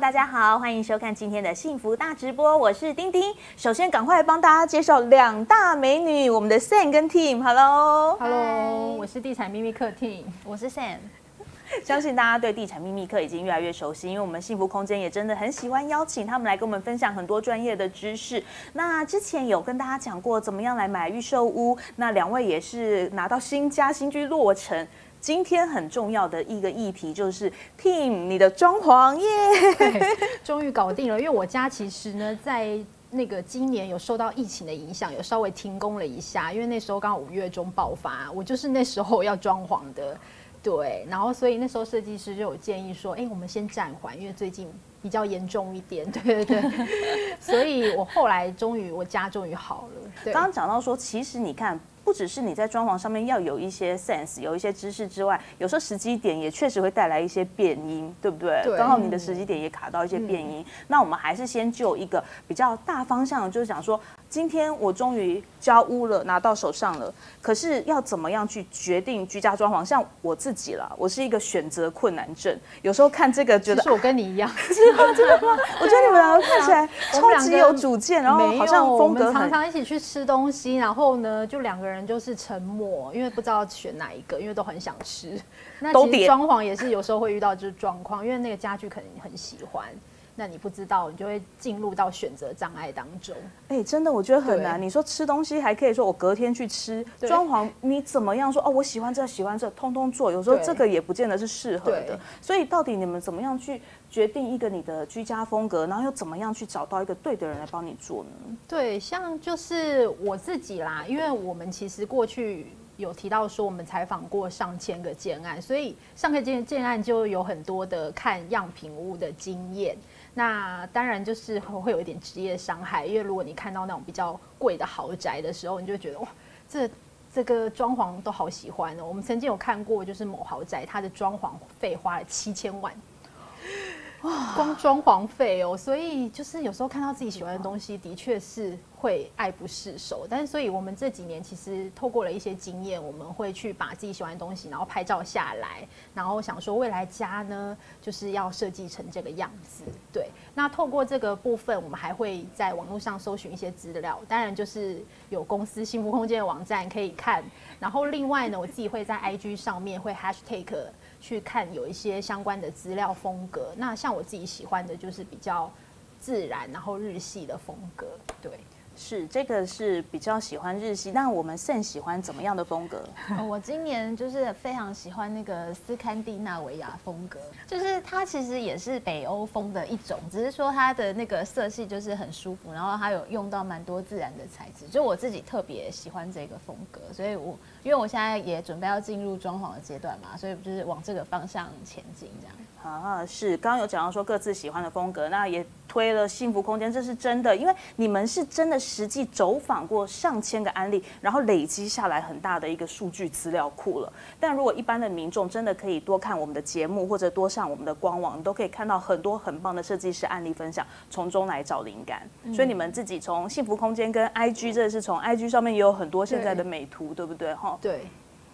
大家好，歡迎收看今天的幸福大直播，我是丁丁。首先，趕快幫大家介紹兩大美女，我們的 Sam 跟 Team Hello。Hello，Hello，我是地產秘密客 Team，我是 Sam。相信大家對地產秘密客已經越來越熟悉，因為我們幸福空間也真的很喜歡邀請他們來跟我們分享很多專業的知識。那之前有跟大家講過怎麼樣來買預售屋，那兩位也是拿到新家新居落成。今天很重要的一個議題就是 Team，你的裝潢耶，終於搞定了。因為我家其實呢，在那個今年有受到疫情的影響，有稍微停工了一下。因為那時候剛好五月中爆發，我就是那時候要裝潢的。對，然後所以那時候設計師就有建議說，哎，我們先暫緩，因為最近比較嚴重一點。對對對， 所以我後來終於我家終於好了。對，剛剛講到說，其實你看。不只是你在裝潢上面要有一些 sense，有一些知識之外，有時候時機點也確實會帶來一些變音，對不對？剛、嗯、好你的時機點也卡到一些變音，嗯嗯、那我們還是先就一個比較大方向，就是講說，今天我終於交屋了，拿到手上了，可是要怎麼樣去決定居家裝潢？像我自己了，我是一個選擇困難症，有時候看這個覺得是我跟你一樣，啊、是嗎？我 真的嗎？對我覺得你們兩個看起來超級有主見，然後好像風格我們常常一起去吃東西，然後呢，就兩個人。就是沉默，因為不知道選哪一個，因為都很想吃。那其實裝潢也是有時候會遇到就是狀況，因為那個家具可能很喜歡。那你不知道，你就會進入到選擇障礙當中。哎、欸，真的，我覺得很難。對你說吃東西還可以說，我隔天去吃。對裝潢你怎麼樣說？哦，我喜歡這，喜歡這，通通做。有時候這個也不見得是適合的。對所以到底你們怎麼樣去決定一個你的居家風格，然後又怎麼樣去找到一個對的人來幫你做呢？對，像就是我自己啦，因為我們其實過去有提到說，我們採訪過上千個建案，所以上個建建案就有很多的看樣品屋的經驗。那當然就是會有一點職業傷害，因為如果你看到那種比較貴的豪宅的時候，你就覺得哇，這這個裝潢都好喜歡哦。我們曾經有看過，就是某豪宅它的裝潢費花了七千萬。光裝潢費哦，所以就是有時候看到自己喜歡的東西，的確是會愛不釋手。但是，所以我們這幾年其實透過了一些經驗，我們會去把自己喜歡的東西，然後拍照下來，然後想說未來家呢，就是要設計成這個樣子。對，那透過這個部分，我們還會在網絡上搜尋一些資料，當然就是有公司幸福空間的網站可以看。然後另外呢，我自己會在 IG 上面會 Hashtag。去看有一些相關的資料風格。那像我自己喜歡的就是比較自然，然後日系的風格。對，是這個是比較喜歡日系。那我們更喜歡怎麼樣的風格？ 我今年就是非常喜歡那個斯堪的納維亞風格，就是它其實也是北歐風的一種，只是說它的那個色系就是很舒服，然後它有用到蠻多自然的材質，就我自己特別喜歡這個風格，所以我。因為我現在也準備要進入裝潢的階段嘛，所以就是往這個方向前進這樣。啊，是，剛剛有講到說各自喜歡的風格，那也推了幸福空間，這是真的，因為你們是真的實際走訪過上千個案例，然後累積下來很大的一個數據資料庫了。但如果一般的民眾真的可以多看我們的節目，或者多上我們的官網，你都可以看到很多很棒的設計師案例分享，從中來找靈感。嗯、所以你們自己從幸福空間跟 IG，這是從 IG 上面也有很多現在的美圖，對，對不對？對，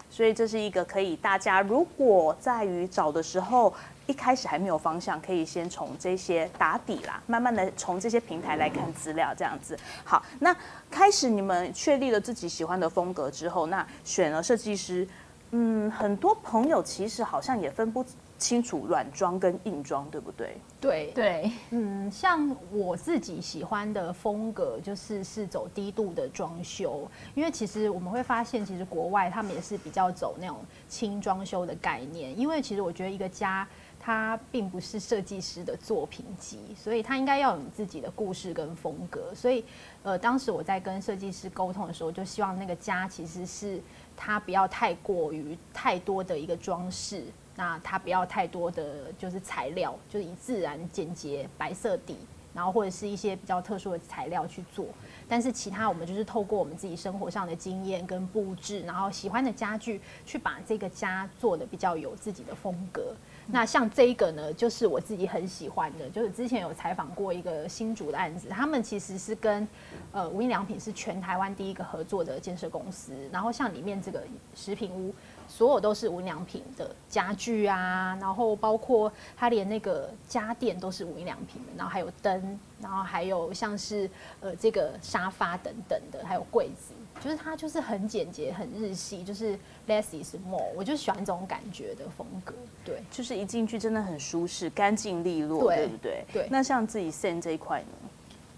所以這是一個可以大家如果在於找的時候，一開始還沒有方向，可以先從這些打底啦，慢慢的從這些平台來看資料，這樣子。好，那開始你們確立了自己喜歡的風格之後，那選了設計師，嗯，很多朋友其實好像也分不。清楚軟裝跟硬裝，對不對？對對，對嗯，像我自己喜歡的風格，就是是走低度的裝修。因為其實我們會發現，其實國外他們也是比較走那種輕裝修的概念。因為其實我覺得一個家，它並不是設計師的作品集，所以它應該要有你自己的故事跟風格。所以，呃，當時我在跟設計師溝通的時候，就希望那個家其實是它不要太過於太多的一個裝飾。那它不要太多的，就是材料，就是以自然、簡潔、白色底，然後或者是一些比較特殊的材料去做。但是其他我們就是透過我們自己生活上的經驗跟布置，然後喜歡的家具，去把這個家做得比較有自己的風格。嗯。那像這一個呢，就是我自己很喜歡的，就是之前有採訪過一個新竹的案子，他們其實是跟呃無印良品是全台灣第一個合作的建設公司，然後像裡面這個實品屋。所有都是無印良品的家具啊，然後包括它連那個家電都是無印良品的，然後還有燈，然後還有像是呃這個沙發等等的，還有櫃子，就是它就是很簡潔、很日系，就是 less is more，我就喜歡這種感覺的風格。對，就是一進去真的很舒適、乾淨利落，對，對不對？對。那像自己選這一塊呢？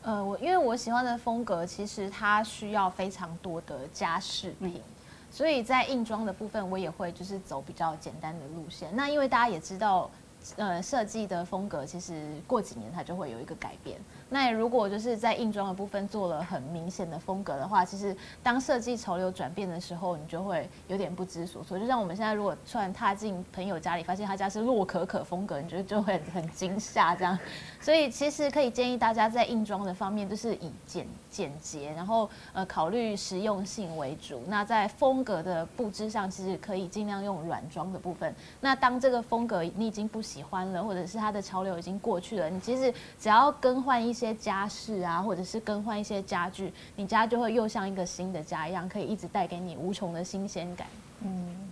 呃，我因為我喜歡的風格，其實它需要非常多的家飾品。嗯所以在硬裝的部分，我也會就是走比較簡單的路線。那因為大家也知道。呃，設計的風格其實過幾年它就會有一個改變。那如果就是在硬裝的部分做了很明顯的風格的話，其實當設計潮流轉變的時候，你就會有點不知所措。就像我們現在如果突然踏進朋友家裡，發現他家是洛可可風格，你覺得就會很驚嚇這樣。所以其實可以建議大家在硬裝的方面，就是以簡簡潔，然後呃考慮實用性為主。那在風格的布置上，其實可以盡量用軟裝的部分。那當這個風格你已經不行。喜歡了，或者是它的潮流已經過去了，你其實只要更換一些家飾啊，或者是更換一些家具，你家就會又像一個新的家一樣，可以一直帶給你無窮的新鮮感。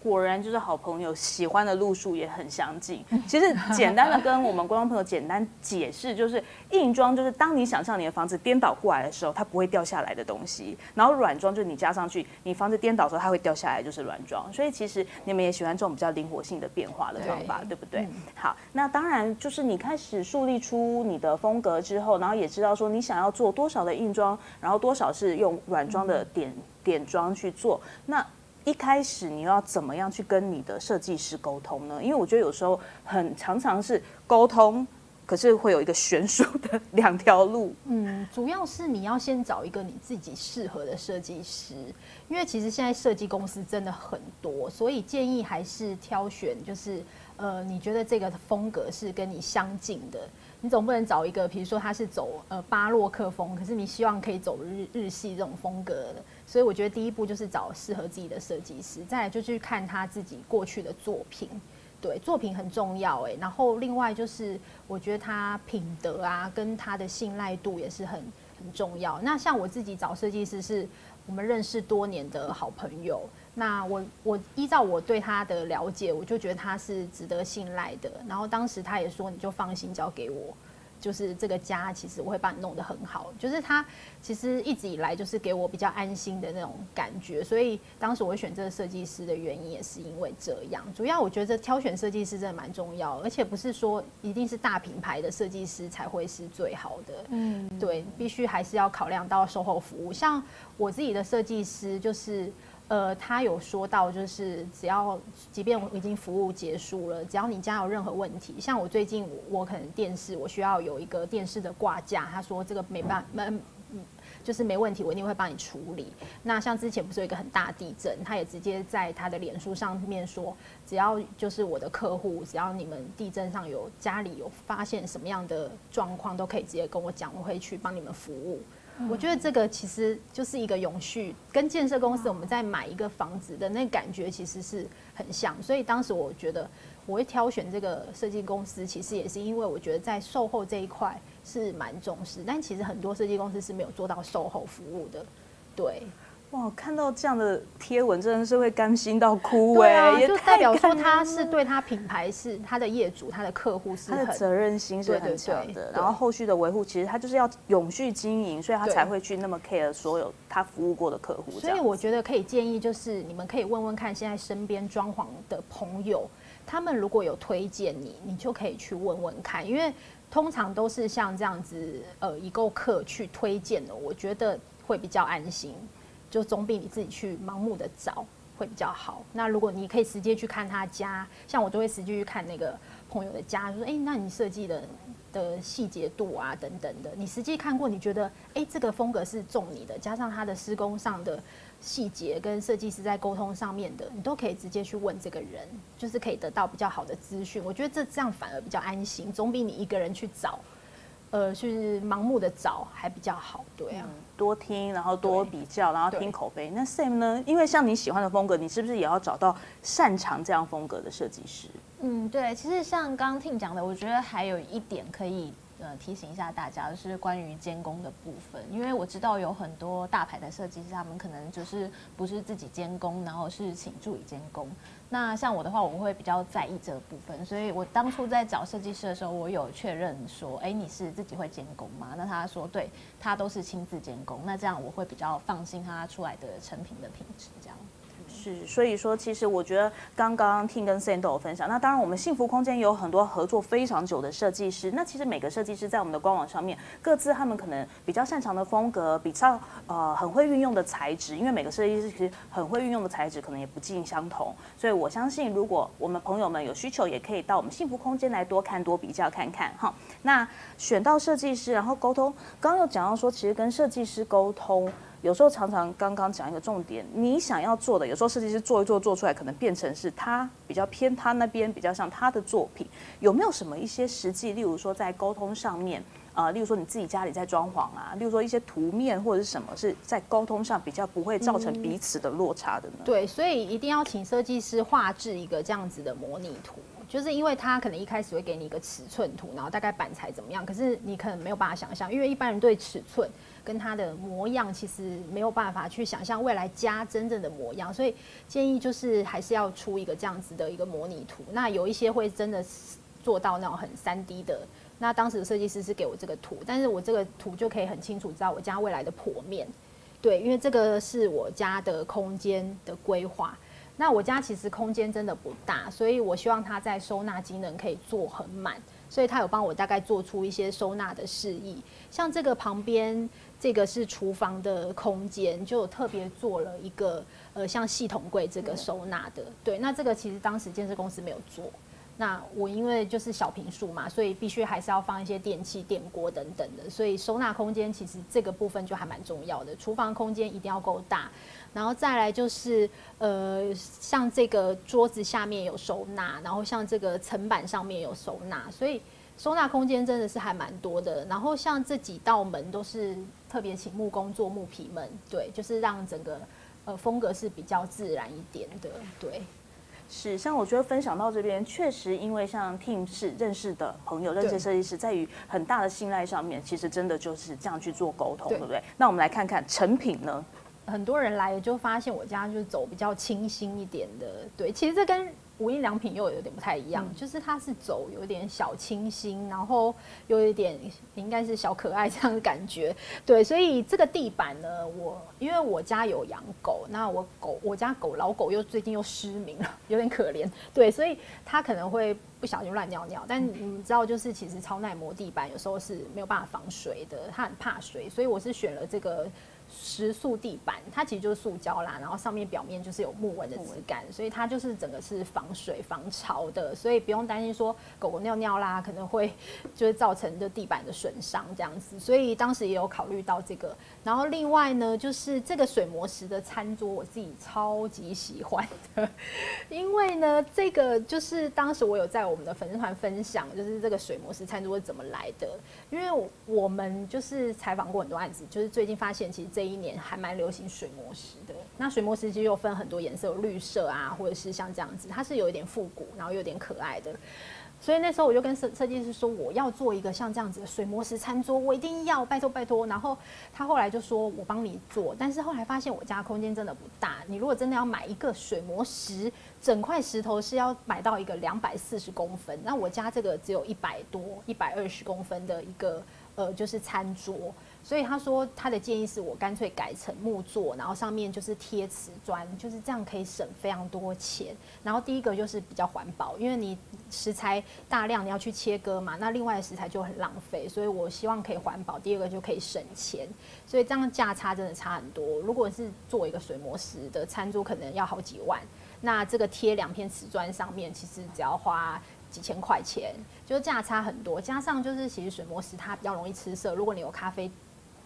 果然就是好朋友喜歡的路數也很相近。其實簡單的跟我們觀眾朋友簡單解釋，就是硬裝就是當你想象你的房子顛倒過來的時候，它不會掉下來的東西；然後軟裝就是你加上去，你房子顛倒的時候它會掉下來，就是軟裝。所以其實你們也喜歡這種比較靈活性的變化的方法，對，對不對？嗯、好，那當然就是你開始樹立出你的風格之後，然後也知道說你想要做多少的硬裝，然後多少是用軟裝的點、嗯、點裝去做那。一開始你又要怎麼樣去跟你的設計師溝通呢？因為我覺得有時候很常常是溝通，可是會有一個懸殊的兩條路。嗯，主要是你要先找一個你自己適合的設計師，因為其實現在設計公司真的很多，所以建議還是挑選就是呃，你覺得這個風格是跟你相近的。你總不能找一個，比如說他是走呃巴洛克風，可是你希望可以走日日系這種風格的。所以我覺得第一步就是找適合自己的設計師，再來就去看他自己過去的作品，對，作品很重要誒。然後另外就是，我覺得他品德啊，跟他的信賴度也是很很重要。那像我自己找設計師是我們認識多年的好朋友，那我我依照我對他的了解，我就覺得他是值得信賴的。然後當時他也說，你就放心交給我。就是這個家，其實我會幫你弄得很好。就是他，其實一直以來就是給我比較安心的那種感覺，所以當時我會選這個設計師的原因也是因為這樣。主要我覺得挑選設計師真的蠻重要，而且不是說一定是大品牌的設計師才會是最好的。嗯，對，必須還是要考量到售後服務。像我自己的設計師就是。呃，他有說到，就是只要即便我已經服務結束了，只要你家有任何問題，像我最近我、我可能電視我需要有一個電視的掛架，他說這個沒辦法，呃，就是沒問題，我一定會幫你處理。那像之前不是有一個很大地震，他也直接在他的臉書上面說，只要就是我的客戶，只要你們地震上有家裡有發現什麼樣的狀況，都可以直接跟我講，我會去幫你們服務。我覺得這個其實就是一個永續，跟建設公司我們在買一個房子的那個感覺其實是很像，所以當時我覺得我會挑選這個設計公司，其實也是因為我覺得在售後這一塊是蠻重視，但其實很多設計公司是沒有做到售後服務的，對。哇，看到這樣的貼文真的是會甘心到哭哎！也就代表說他是對他品牌是他的業主，他的客戶是他的責任心是很強的。對對對，然後後續的維護，其實他就是要永續經營，對所以他才會去那麼 care 所有他服務過的客戶。所以我覺得可以建議，就是你們可以問問看，現在身邊裝潢的朋友，他們如果有推薦你，你就可以去問問看，因為通常都是像這樣子呃已購客去推薦的，我覺得會比較安心。就總比你自己去盲目的找會比較好。那如果你可以直接去看他家，像我都會直接去看那個朋友的家，就說哎、欸，那你設計的的細節度啊等等的，你實際看過，你覺得哎、欸、這個風格是重你的，加上他的施工上的細節跟設計師在溝通上面的，你都可以直接去問這個人，就是可以得到比較好的資訊。我覺得這這樣反而比較安心，總比你一個人去找。呃，就是，是盲目的找還比較好，對啊，嗯，多聽，然後多比較，對然後聽口碑。對那 Sam 呢？因為像你喜歡的風格，你是不是也要找到擅長這樣風格的設計師？嗯，對，其實像剛剛聽講的，我覺得還有一點可以呃提醒一下大家，就是關於監工的部分。因為我知道有很多大牌的設計師，他們可能就是不是自己監工，然後是請助理監工。那像我的話，我會比較在意這個部分，所以我當初在找設計師的時候，我有確認說，哎，你是自己會監工嗎？那他說，對，他都是親自監工，那這樣我會比較放心他出來的成品的品質這樣。是，所以說，其實我覺得剛剛聽跟 Sand 都有分享。那當然，我們幸福空間有很多合作非常久的設計師。那其實每個設計師在我們的官網上面，各自他們可能比較擅長的風格，比較呃很會運用的材質，因為每個設計師其實很會運用的材質可能也不盡相同。所以我相信，如果我們朋友們有需求，也可以到我們幸福空間來多看多比較看看哈。那選到設計師，然後溝通，剛剛又講到說，其實跟設計師溝通。有時候常常剛剛講一個重點，你想要做的，有時候設計師做一做做出來，可能變成是他比較偏他那邊，比較像他的作品。有沒有什麼一些實際，例如說在溝通上面啊、呃，例如說你自己家裡在裝潢啊，例如說一些圖面或者是什麼，是在溝通上比較不會造成彼此的落差的呢？嗯、對，所以一定要請設計師畫製一個這樣子的模擬圖。就是因為他可能一開始會給你一個尺寸圖，然後大概板材怎麼樣，可是你可能沒有辦法想象因為一般人對尺寸跟它的模樣其實沒有辦法去想象未來家真正的模樣，所以建議就是還是要出一個這樣子的一個模擬圖。那有一些會真的做到那種很三 D 的，那當時的設計師是給我這個圖，但是我這個圖就可以很清楚知道我家未來的剖面。對，因為這個是我家的空間的規劃。那我家其實空間真的不大，所以我希望它在收納機能可以做很滿，所以他有幫我大概做出一些收納的示意，像這個旁邊這個是廚房的空間，就特別做了一個呃像系統櫃這個收納的。嗯、對，那這個其實當時建設公司沒有做，那我因為就是小坪數嘛，所以必須還是要放一些電器、電鍋等等的，所以收納空間其實這個部分就還蠻重要的，廚房空間一定要夠大。然後再來就是，呃，像這個桌子下面有收納，然後像這個層板上面有收納，所以收納空間真的是還蠻多的。然後像這幾道門都是特別請木工做木皮門，對，就是讓整個呃風格是比較自然一點的。對，是。像我覺得分享到這邊，確實因為像 Tim 是認識的朋友，認識設計師，對在於很大的信賴上面，其實真的就是這樣去做溝通，對，對不對？那我們來看看成品呢。很多人來就發現我家就是走比較清新一點的，對，其實這跟無印良品又有點不太一樣，嗯，就是它是走有點小清新，然後有一點應該是小可愛這樣的感覺，對，所以這個地板呢，我因為我家有養狗，那我狗我家狗老狗又最近又失明了，有點可憐，對，所以它可能會不小心亂尿尿，但你知道就是其實超耐磨地板有時候是沒有辦法防水的，它很怕水，所以我是選了這個。石塑地板，它其實就是塑膠啦，然後上面表面就是有木紋的質感，木紋。所以它就是整個是防水防潮的，所以不用擔心說狗狗尿尿啦，可能會就是造成這地板的損傷這樣子，所以當時也有考慮到這個。然後另外呢，就是這個水磨石的餐桌，我自己超級喜歡的，因為呢，這個就是當時我有在我們的粉絲團分享，就是這個水磨石餐桌是怎麼來的，因為我們就是採訪過很多案子，就是最近發現其實這一這一年還蠻流行水磨石的，那水磨石其實又分很多顏色，有綠色啊，或者是像這樣子，它是有一點復古，然後有點可愛的。所以那時候我就跟設設計師說，我要做一個像這樣子的水磨石餐桌，我一定要，拜託拜託。然後他後來就說，我幫你做。但是後來發現我家空間真的不大，你如果真的要買一個水磨石，整塊石頭是要買到一個兩百四十公分，那我家這個只有一百多、一百二十公分的一個，呃，就是餐桌。所以他說他的建議是我乾脆改成木座，然後上面就是貼瓷磚，就是這樣可以省非常多錢。然後第一個就是比較環保，因為你石材大量你要去切割嘛，那另外的食材就很浪費。所以我希望可以環保，第二個就可以省錢。所以這樣價差真的差很多。如果是做一個水磨石的餐桌，可能要好幾萬，那這個貼兩片瓷磚上面，其實只要花幾千塊錢，就價差很多。加上就是其實水磨石它比較容易吃色，如果你有咖啡。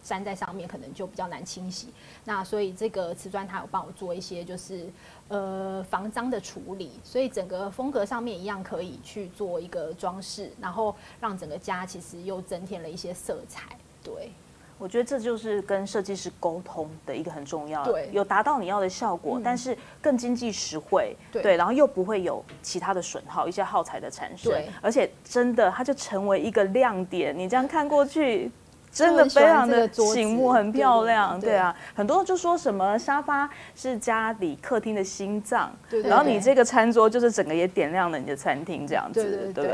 粘在上面可能就比較難清洗，那所以這個瓷磚它有幫我做一些就是呃防髒的處理，所以整個風格上面一樣可以去做一個裝飾，然後讓整個家其實又增添了一些色彩。對，我覺得這就是跟設計師溝通的一個很重要的，對，有達到你要的效果，嗯，但是更經濟實惠，對,對，然後又不會有其他的損耗，一些耗材的產生，對，而且真的它就成為一個亮點，你這樣看過去。真的非常的醒目，很漂亮。對啊，很多人就說什麼沙發是家裡客廳的心臟，然後你這個餐桌就是整個也點亮了你的餐廳這樣子，對不對？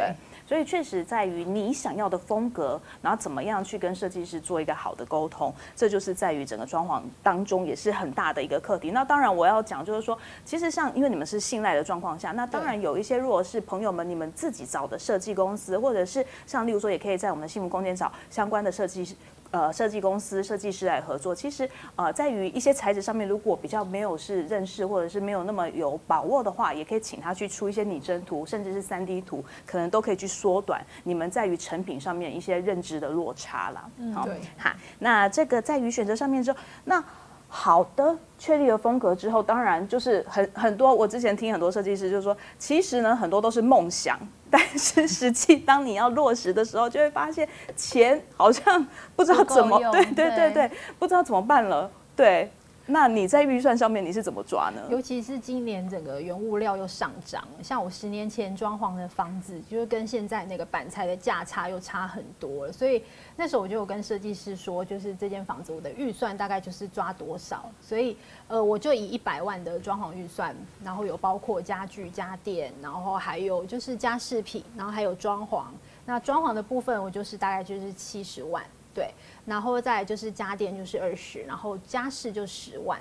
所以確實在於你想要的風格，然後怎麼樣去跟設計師做一個好的溝通，這就是在於整個裝潢當中也是很大的一個課題。那當然我要講就是說，其實像因為你們是信賴的狀況下，那當然有一些如果是朋友們你們自己找的設計公司，或者是像例如說也可以在我們的幸福空間找相關的設計師。呃，設計公司設計師來合作，其實呃，在於一些材質上面，如果比較沒有是認識或者是沒有那麼有把握的話，也可以請他去出一些擬真圖，甚至是三 D 圖，可能都可以去縮短你們在於成品上面一些認知的落差啦。好，對好，那這個在於選擇上面之後，那。好的，確立了風格之後，當然就是很很多。我之前聽很多設計師就說，其實呢，很多都是夢想，但是實際當你要落實的時候，就會發現錢好像不知道怎麼，對對對對，對不知道怎麼辦了，對。那你在預算上面你是怎麼抓呢？尤其是今年整個原物料又上漲，像我十年前裝潢的房子，就是跟現在那個板材的價差又差很多。所以那時候我就有跟設計師說，就是這間房子我的預算大概就是抓多少。所以呃，我就以一百萬的裝潢預算，然後有包括家具家電，然後還有就是家飾品，然後還有裝潢。那裝潢的部分我就是大概就是七十萬。對，然後再就是家電就是二十，然後家飾就十萬，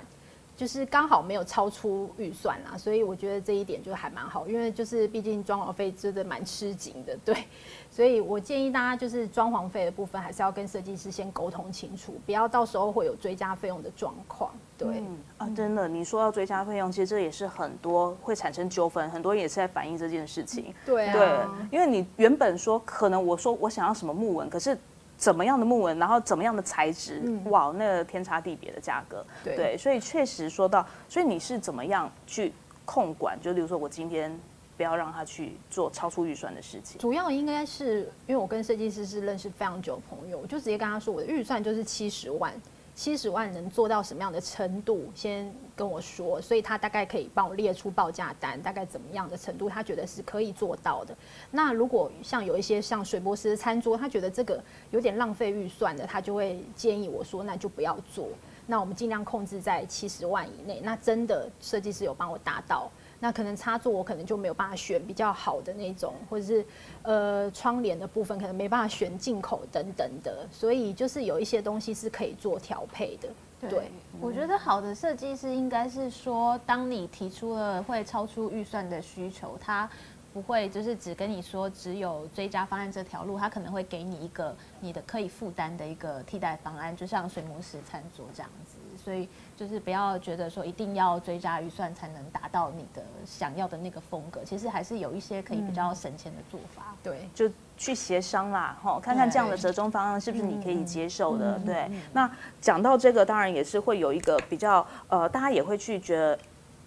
就是剛好沒有超出預算啦，所以我覺得這一點就還蠻好，因為就是畢竟裝潢費真的蠻吃緊的，對，所以我建議大家就是裝潢費的部分還是要跟設計師先溝通清楚，不要到時候會有追加費用的狀況，對，嗯、啊，真的，你說要追加費用，其實這也是很多會產生糾紛，很多人也是在反映這件事情，對啊，對，因為你原本說可能我說我想要什麼木紋，可是。怎麼樣的木紋，然後怎麼樣的材質，嗯、哇，那天差地別的價格，對，對，所以確實說到，所以你是怎麼樣去控管？就比如說，我今天不要讓他去做超出預算的事情。主要應該是因為我跟設計師是認識非常久的朋友，我就直接跟他說，我的預算就是七十萬。七十萬能做到什麼樣的程度？先跟我說，所以他大概可以幫我列出報價單，大概怎麼樣的程度，他覺得是可以做到的。那如果像有一些像水波斯的餐桌，他覺得這個有點浪費預算的，他就會建議我說，那就不要做，那我們儘量控制在七十萬以內。那真的設計師有幫我達到。那可能插座我可能就沒有辦法選比較好的那種，或者是，呃，窗簾的部分可能沒辦法選進口等等的，所以就是有一些東西是可以做調配的。對，對，我覺得好的設計師應該是說，當你提出了會超出預算的需求，他不會就是只跟你說只有追加方案這條路，他可能會給你一個你的可以負擔的一個替代方案，就像水磨石餐桌這樣子。所以就是不要覺得說一定要追加預算才能達到你的想要的那個風格，其實還是有一些可以比較省錢的做法。嗯、對，就去協商啦，吼，對看看這樣的折中方案是不是你可以接受的。嗯、對，嗯嗯、那講到這個，當然也是會有一個比較，呃，大家也會去覺得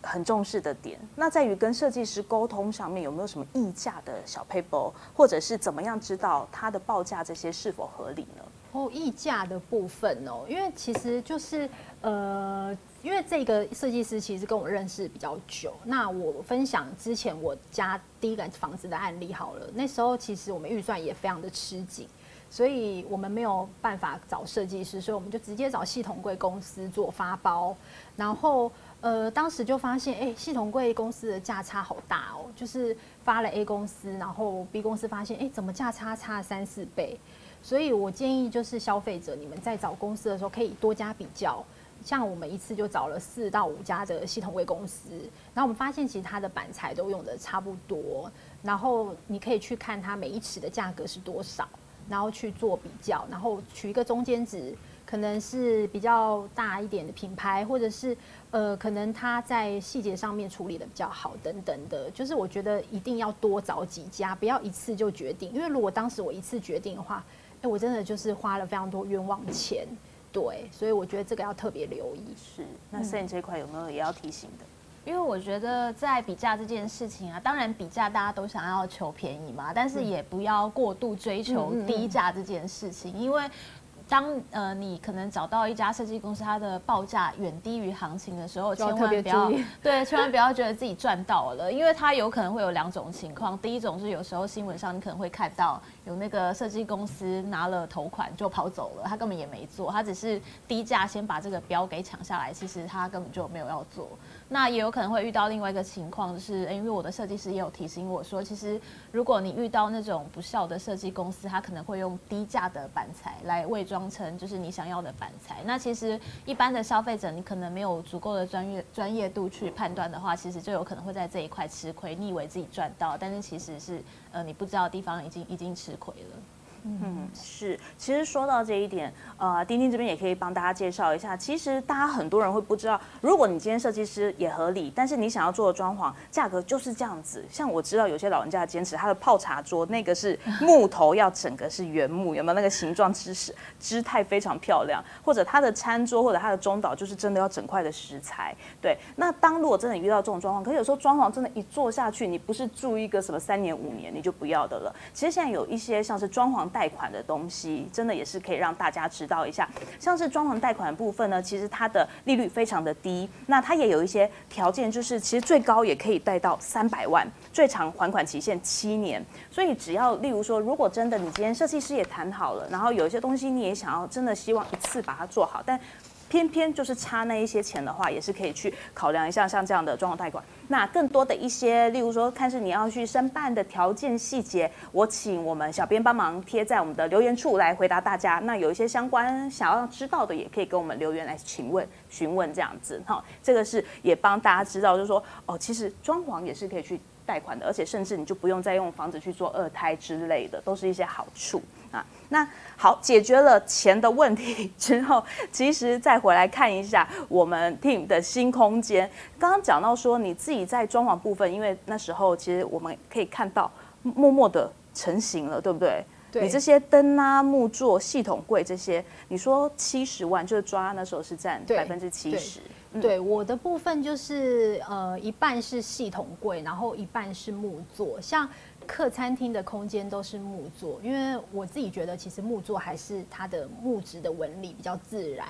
很重視的點。那在於跟設計師溝通上面，有沒有什麼議價的小撇步，或者是怎麼樣知道他的報價這些是否合理呢？哦，溢價、oh, 的部分哦、喔，因為其實就是呃，因為這個設計師其實跟我認識比較久，那我分享之前我家第一個房子的案例好了。那時候其實我們預算也非常的吃緊，所以我們沒有辦法找設計師，所以我們就直接找系統櫃公司做發包，然後呃，當時就發現哎、欸，系統櫃公司的價差好大哦、喔，就是發了 A 公司，然後 B 公司發現哎、欸，怎麼價差差三四倍？所以，我建議就是消費者，你們在找公司的時候可以多加比較。像我們一次就找了四到五家的系統櫃公司，然後我們發現其實它的板材都用得差不多。然後你可以去看它每一尺的價格是多少，然後去做比較，然後取一個中間值，可能是比較大一點的品牌，或者是呃，可能它在細節上面處理得比較好，等等的。就是我覺得一定要多找幾家，不要一次就決定，因為如果當時我一次決定的話。哎、欸，我真的就是花了非常多冤枉錢，對，所以我覺得這個要特別留意。是，那攝影、嗯、這塊有沒有也要提醒的？因為我覺得在比價這件事情啊，當然比價大家都想要求便宜嘛，但是也不要過度追求低價這件事情，因為。當呃你可能找到一家設計公司，它的報價遠低於行情的時候，千萬不要對，千萬不要覺得自己賺到了， 因為它有可能會有兩種情況。第一種是有時候新聞上你可能會看到有那個設計公司拿了頭款就跑走了，他根本也沒做，他只是低價先把這個標給搶下來，其實他根本就沒有要做。那也有可能會遇到另外一個情況，就是，是、欸、因為我的設計師也有提醒我說，其實如果你遇到那種不肖的設計公司，他可能會用低價的板材來偽裝成就是你想要的板材。那其實一般的消費者，你可能沒有足夠的專業專業度去判斷的話，其實就有可能會在這一塊吃虧，你以為自己賺到，但是其實是呃你不知道的地方已經已經吃虧了。嗯，是，其實說到這一點，呃，丁丁這邊也可以幫大家介紹一下。其實大家很多人會不知道，如果你今天設計師也合理，但是你想要做的裝潢價格就是這樣子。像我知道有些老人家堅持他的泡茶桌那個是木頭，要整個是原木， 有沒有那個形狀姿勢、姿態非常漂亮。或者他的餐桌，或者他的中島，就是真的要整塊的石材。對，那當如果真的遇到這種狀況，可是有時候裝潢真的，一做下去，你不是住一個什麼三年五年，你就不要的了。其實現在有一些像是裝潢。貸款的東西真的也是可以讓大家知道一下，像是裝潢貸款的部分呢，其實它的利率非常的低，那它也有一些條件，就是其實最高也可以貸到三百萬，最長還款期限七年，所以只要例如說，如果真的你今天設計師也談好了，然後有一些東西你也想要真的希望一次把它做好，但。偏偏就是差那一些錢的話，也是可以去考量一下，像這樣的裝潢貸款。那更多的一些，例如說，看是你要去申辦的條件細節，我請我們小編幫忙貼在我們的留言處來回答大家。那有一些相關想要知道的，也可以給我們留言來請問、詢問這樣子哈。這個是也幫大家知道，就是說哦，其實裝潢也是可以去貸款的，而且甚至你就不用再用房子去做二胎之類的，都是一些好處。啊，那好，解決了錢的問題之後，其實再回來看一下我們 team 的新空間。剛剛講到說，你自己在裝潢部分，因為那時候其實我們可以看到默默的成型了，對不對？對，你這些燈啊、木作、系統櫃這些，你說七十萬就是抓那時候是佔百分之七十。對、嗯、對我的部分就是呃，一半是系統櫃，然後一半是木作，像，客餐廳的空間都是木作，因為我自己覺得其實木作還是它的木質的紋理比較自然，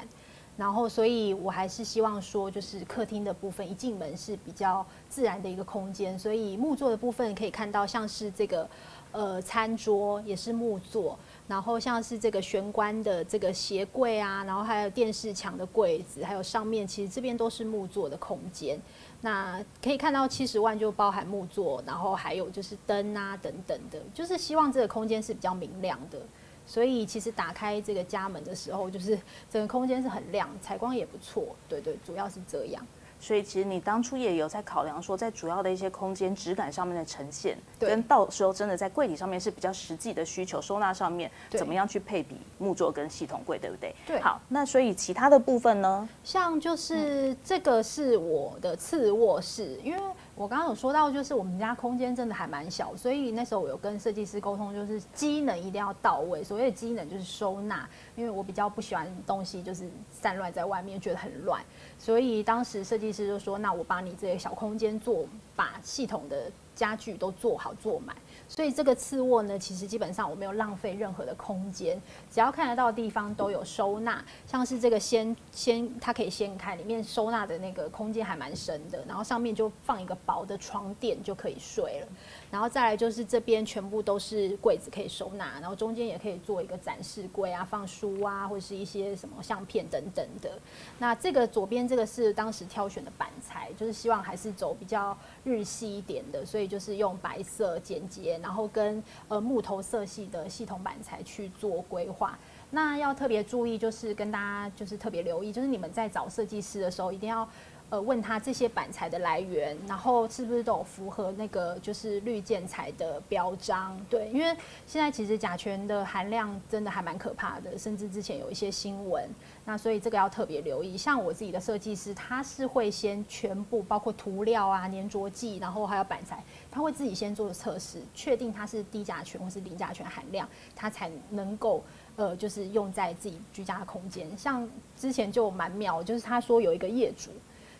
然後所以我還是希望說就是客廳的部分一進門是比較自然的一個空間，所以木作的部分可以看到像是這個呃餐桌也是木作。然後像是這個玄關的這個鞋櫃啊，然後還有電視牆的櫃子，還有上面其實這邊都是木作的空間。那可以看到七十萬就包含木作，然後還有就是燈啊等等的，就是希望這個空間是比較明亮的。所以其實打開這個家門的時候，就是整個空間是很亮，採光也不錯。對對，主要是這樣。所以其實你當初也有在考量，說在主要的一些空間質感上面的呈現，跟到時候真的在櫃體上面是比較實際的需求，收納上面對，怎麼樣去配比木作跟系統櫃，對不對？對。好，那所以其他的部分呢？像就是這個是我的次臥室，因為我剛剛有說到，就是我們家空間真的還蠻小，所以那時候我有跟設計師溝通，就是機能一定要到位。所謂的機能就是收納，因為我比較不喜歡東西就是散亂在外面，覺得很亂。所以當時設計師就說：“那我把你這個小空間做，把系統的家具都做好做滿。”所以這個次臥呢，其實基本上我沒有浪費任何的空間，只要看得到的地方都有收納，像是這個掀掀，掀它可以掀開，裡面收納的那個空間還蠻深的，然後上面就放一個薄的床墊就可以睡了，然後再來就是這邊全部都是櫃子可以收納，然後中間也可以做一個展示櫃啊，放書啊，或者是一些什麼相片等等的。那這個左邊這個是當時挑選的板材，就是希望還是走比較日系一點的，所以就是用白色簡潔。然後跟呃木頭色系的系統板材去做規劃，那要特別注意就是跟大家就是特別留意，就是你們在找設計師的時候，一定要呃問他這些板材的來源，然後是不是都有符合那個就是綠建材的標章，對，因為現在其實甲醛的含量真的還蠻可怕的，甚至之前有一些新聞。那所以這個要特別留意，像我自己的設計師，他是會先全部包括塗料啊、粘着劑，然後還有板材，他會自己先做測試，確定它是低甲醛或是零甲醛含量，他才能夠呃就是用在自己居家的空間。像之前就蠻妙，就是他說有一個業主。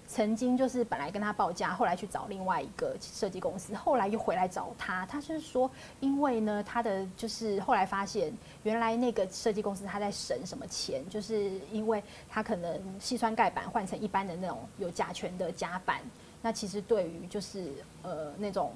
曾經就是本來跟他報價，後來去找另外一個設計公司，後來又回來找他。他是說，因為呢，他的就是後來發現，原來那個設計公司他在省什麼錢，就是因為他可能矽酸鈣板換成一般的那種有甲醛的夾板，那其實對於就是呃那種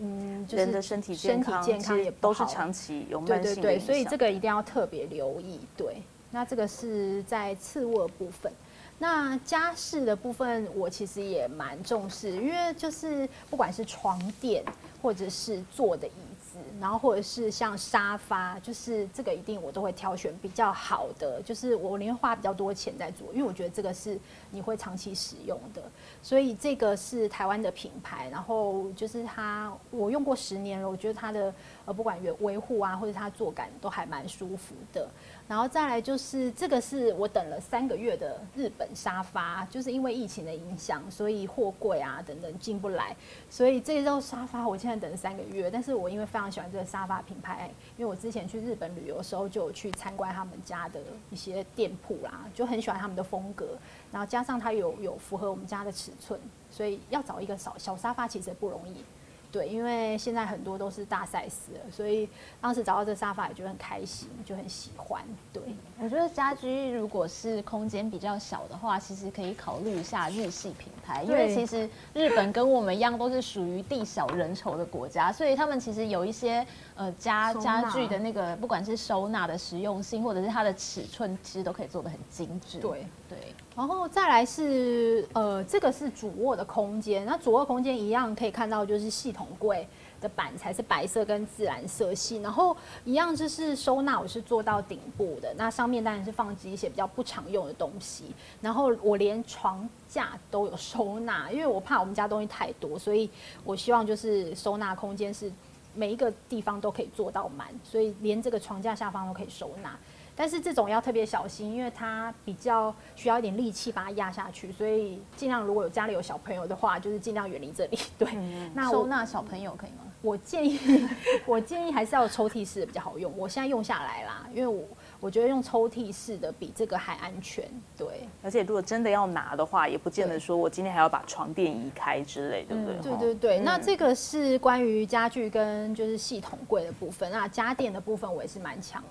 嗯，就是人的身體健康，健康也不好，其實都是長期有慢性的影響。對對對，所以這個一定要特別留意。對，那這個是在次臥部分。那家飾的部分，我其實也蠻重視，因為就是不管是床墊，或者是坐的椅子，然後或者是像沙發，就是這個一定我都會挑選比較好的，就是我寧願花比較多錢在做，因為我覺得這個是。你會長期使用的，所以這個是台灣的品牌，然後就是它我用過十年了，我覺得它的呃不管原維護啊，或者它坐感都還蠻舒服的。然後再來就是這個是我等了三個月的日本沙发，就是因為疫情的影響，所以貨櫃啊等等進不來，所以這張沙发我現在等了三個月。但是我因為非常喜歡這個沙发品牌，因為我之前去日本旅遊的時候就有去參觀他們家的一些店鋪啦，就很喜歡他們的風格，然後加上它有有符合我們家的尺寸，所以要找一個小小沙發其實也不容易。對，因為現在很多都是大 size，所以當時找到這沙發也就很開心，就很喜歡。對，我覺得家居如果是空間比較小的話，其實可以考慮一下日系品牌，對因為其實日本跟我們一樣都是屬於地小人稠的國家，所以他們其實有一些。呃，家納家具的那個，不管是收納的實用性，或者是它的尺寸，其實都可以做得很精緻。對對。對然後再來是，呃，這個是主臥的空間。那主臥空間一樣可以看到，就是系統櫃的板材是白色跟自然色系。然後一樣就是收納，我是做到頂部的。那上面當然是放置一些比較不常用的東西。然後我連床架都有收納，因為我怕我們家東西太多，所以我希望就是收納空間是。每一個地方都可以做到滿，所以連這個床架下方都可以收納。但是這種要特別小心，因為它比較需要一點力氣把它壓下去，所以盡量如果有家裡有小朋友的話，就是盡量遠離這裡。對，嗯嗯，那我收納小朋友可以嗎？我建議，我建議還是要抽屜式的比較好用。我現在用下來啦，因為我。我覺得用抽屜式的比這個還安全，對。而且如果真的要拿的話，也不見得說我今天還要把床墊移開之類，對對不對？嗯，對對對。嗯，那這個是關於家具跟就是系統櫃的部分。那家電的部分我也是蠻強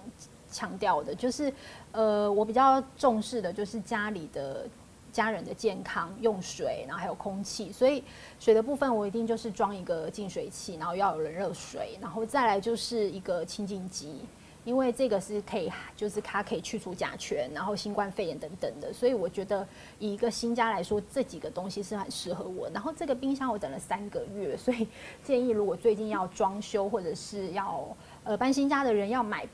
強調的，就是呃我比較重視的就是家裡的家人的健康、用水，然後還有空氣。所以水的部分我一定就是裝一個淨水器，然後要有冷熱水，然後再來就是一個清淨機。因為這個是可以，就是它可以去除甲醛，然後新冠肺炎等等的，所以我覺得以一個新家來說，這幾個東西是很適合我。然後這個冰箱我等了三個月，所以建議如果最近要裝修或者是要呃搬新家的人要買。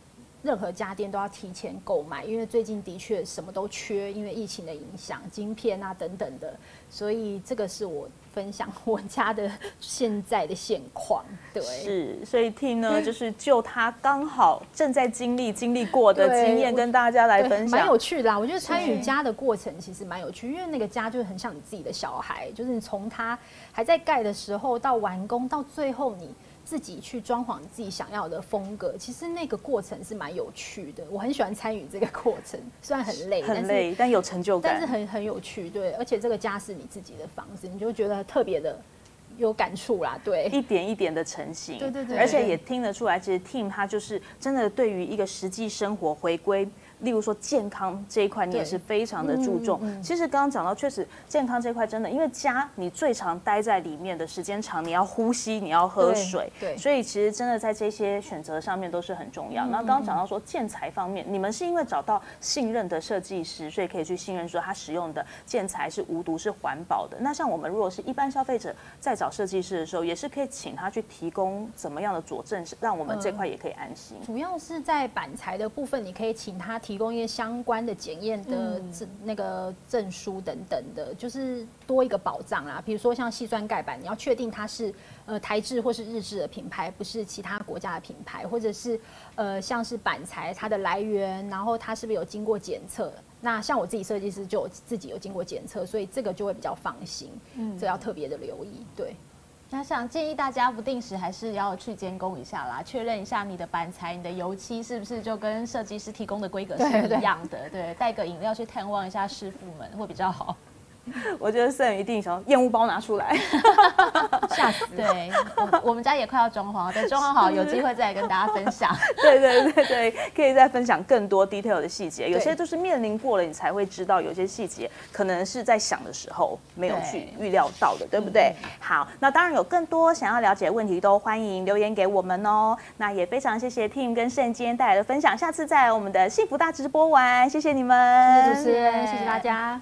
任何家電都要提前購買，因為最近的確什麼都缺，因為疫情的影響，晶片啊、等等的，所以這個是我分享我家的現在的現況。對，是，所以聽呢，就是就他剛好正在經歷經歷過的經驗對，跟大家來分享。蠻有趣的啦，我覺得參與家的過程其實蠻有趣，是是因為那個家就是很像你自己的小孩，就是你從他還在蓋的時候到完工到最後你。自己去裝潢自己想要的風格，其實那個過程是蠻有趣的。我很喜歡參與這個過程，雖然很累，很累，但是，但有成就感，但是很很有趣。對，而且這個家是你自己的房子，你就覺得特別的有感觸啦。對，一點一點的成型，對對對，對對對，而且也聽得出來，其實 Team 他就是真的對於一個實際生活回歸。例如說健康這一塊，你也是非常的注重。其實剛剛講到，確實健康這一塊真的，因為家你最常待在裡面的時間長，你要呼吸，你要喝水，對。所以其實真的在這些選擇上面都是很重要。那剛剛講到說建材方面，你們是因為找到信任的設計師，所以可以去信任說他使用的建材是無毒、是環保的。那像我們如果是一般消費者在找設計師的時候，也是可以請他去提供怎麼樣的佐證，是讓我們這塊也可以安心，嗯。主要是在板材的部分，你可以請他提。提供一些相關的檢驗的證、嗯、那個證書等等的，就是多一個保障啦。比如說像矽酸鈣板，你要確定它是呃台制或是日制的品牌，不是其他國家的品牌，或者是呃像是板材它的來源，然後它是不是有經過檢測。那像我自己設計師就有自己有經過檢測，所以這個就會比較放心。嗯，這要特別的留意，對。那想建議大家不定時還是要去監工一下啦，確認一下你的板材，你的油漆是不是就跟設計師提供的規格是一樣的。對，對，對，對，帶個飲料去探望一下師傅們會比較好。 我覺得盛一定想厭惡包拿出來 下次了，嚇死！對，我們家也快要裝潢，等裝潢好有機會再來跟大家分享。 對對對對，可以再分享更多 detail 的細節。有些就是面臨過了，你才會知道，有些細節可能是在想的時候沒有去預料到的，對，對不對？好，那當然有更多想要了解的問題，都歡迎留言給我們哦。那也非常謝謝 Team 跟盛今天帶來的分享，下次再來我們的幸福大直播玩，謝謝你們，謝謝主持人，謝謝大家。